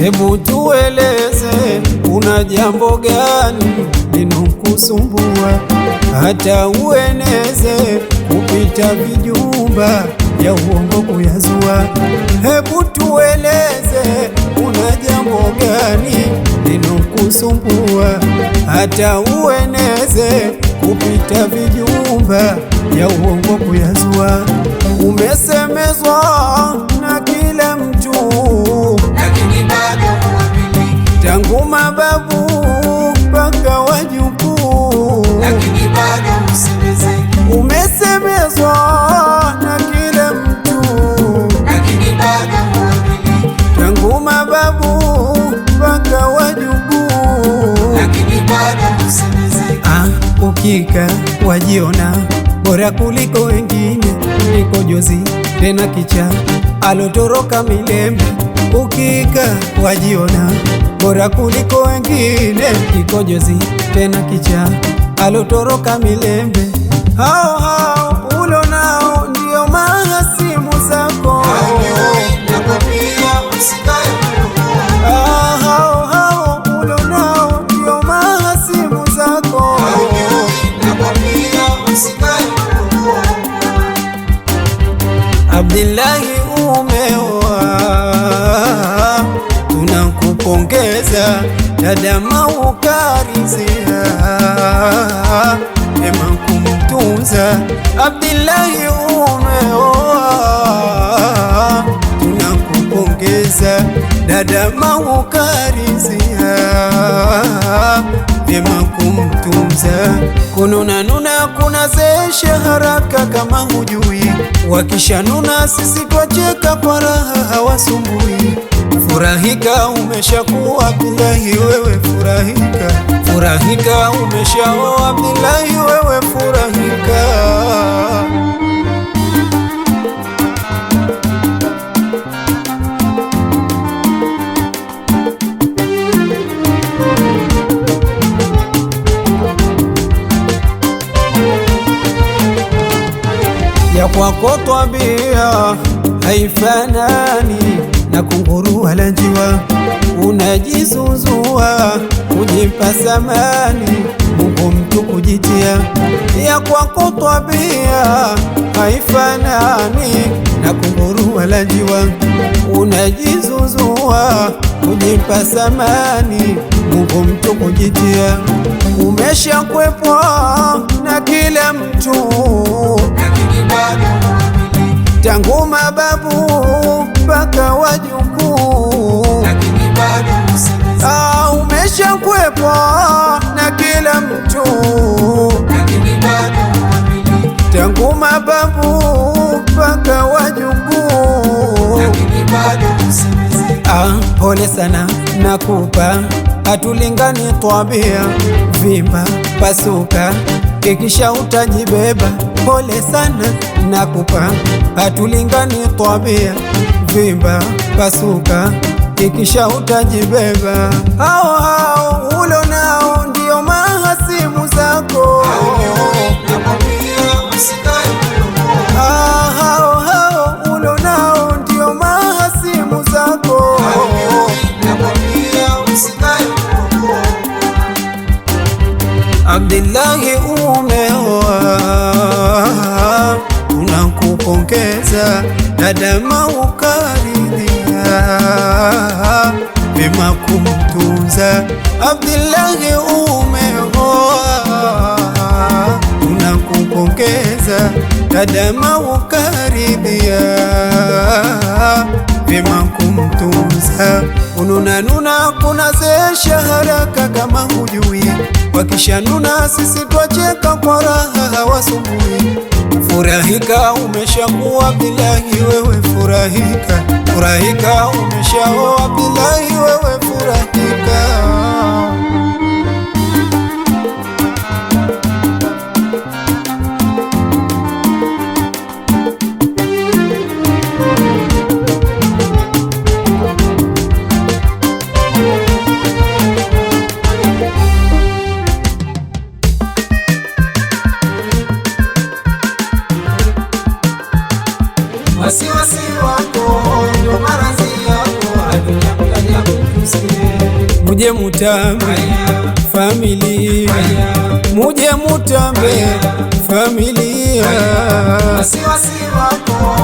Hebu tueleze kuna jambo gani linokusumbua hata ueneze kupita vijumba ya uongo kuyazua? Hebu tueleze kuna jambo gani vinakusumbua, hata ueneze kupita vijumba ya uongo kuyazua, umesemezwa hakika wajiona bora kuliko wengine, niko jozi tena kicha alotoroka milembe. Ukika wajiona bora kuliko wengine, niko jozi tena kicha alotoroka milembe hao hao umeoa, tunakupongeza dada Maukarizia, ema kumtunza Abdillahi umeoa, tunakupongeza dada Maukarizia kumtunza, kununanuna kunazesha haraka kama hujui, wakishanuna sisi twacheka kwa raha, hawasumbui. Furahika umeshakuwa bilahi wewe furahika, furahika umeshaoa bilahi wewe yako twabia haifanani na kunguru wala njiwa, unajizuzua kujipa samani Mungu mtu kujitia. Ya kwako twabia haifanani na kunguru wala njiwa, unajizuzua kujipa samani Mungu mtu kujitia. Umeshakwepwa na kila mtu lakini bado tangu mababu mpaka wajukuu, lakini bado ah, umesha kwepo na kila mtu, lakini bado uamini tangu mababu mpaka wajukuu, lakini bado usema ah, pole sana nakupa hatulingani twabia, vimba pasuka, kikisha utajibeba, pole sana na kupa hatulingani twabia, vimba pasuka, kikisha utajibeba, hao hao kupendeza na dama ukaridhia vema kumtunza Abdillahi umeoa tunakupongeza na dama ukaridhia vema kumtunza ununanuna kunazesha haraka kama hujui wakishanuna sisi twacheka kwa raha hawasumbui Furahika umeshakuwa bilahi, wewe furahika, furahika umeshaoa bilahi wewe mutambe familia, muje mutambe familia, wasiwasi wako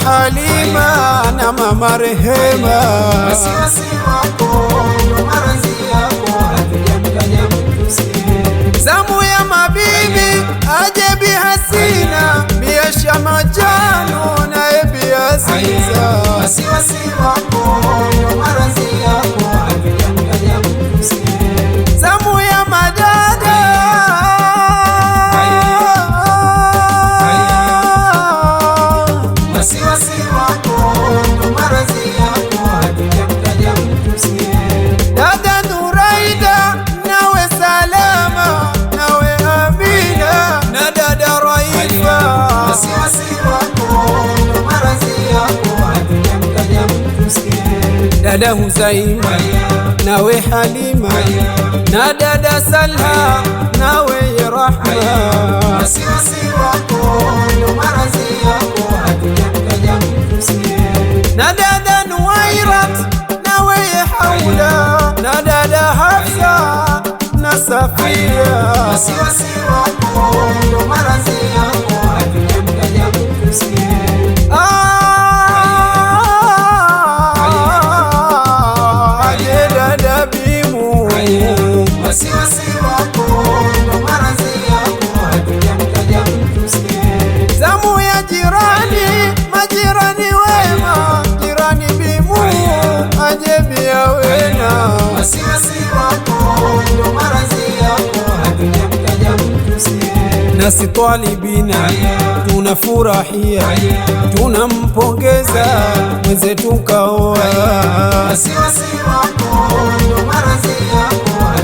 Halima na mama Rehema, zamu ya mabibi ajebi Hasina biasha majano na ebi Aziza, wasiwasi wako maradhi yako Dada Huzaima nawe Halima na dada Salha nawe Rahma, wasiwasi wako ndo maradhi yako, hatujakutaja na dada Nuwairat nawe Haula na dada Hafsa na Safia, wasiwasi wako ndo maradhi yako wasiwasi nasi twalibina tunafurahia, tunampongeza mwenzetu kaoa. wako yako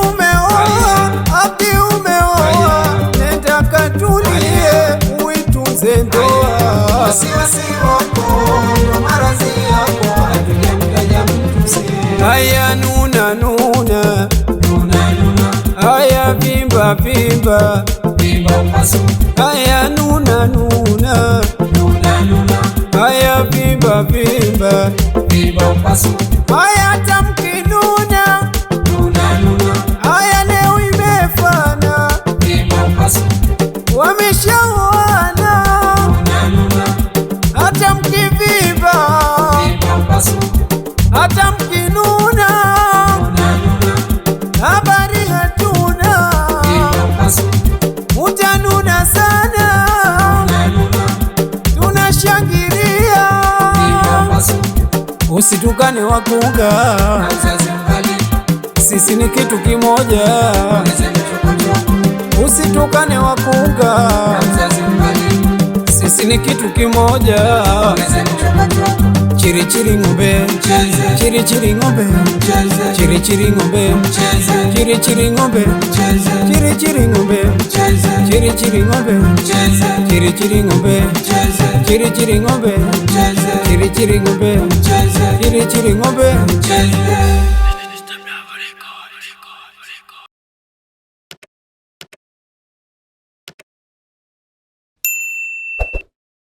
pimba pimba pimba upasu aya nuna nuna aya pimba pimba aya tamka ni wakuga, sisi ni kitu kimoja, usitukane wakuga, sisi ni kitu kimoja. Chirichiri ng'ombe, chirichiri ng'ombe, chirichiri ng'ombe, chirichiri ng'ombe, chirichiri ng'ombe, chirichiri ng'ombe, chirichiri ng'ombe, chirichiri ng'ombe chiri chiri ng'ombe, chiri chiri ng'ombe,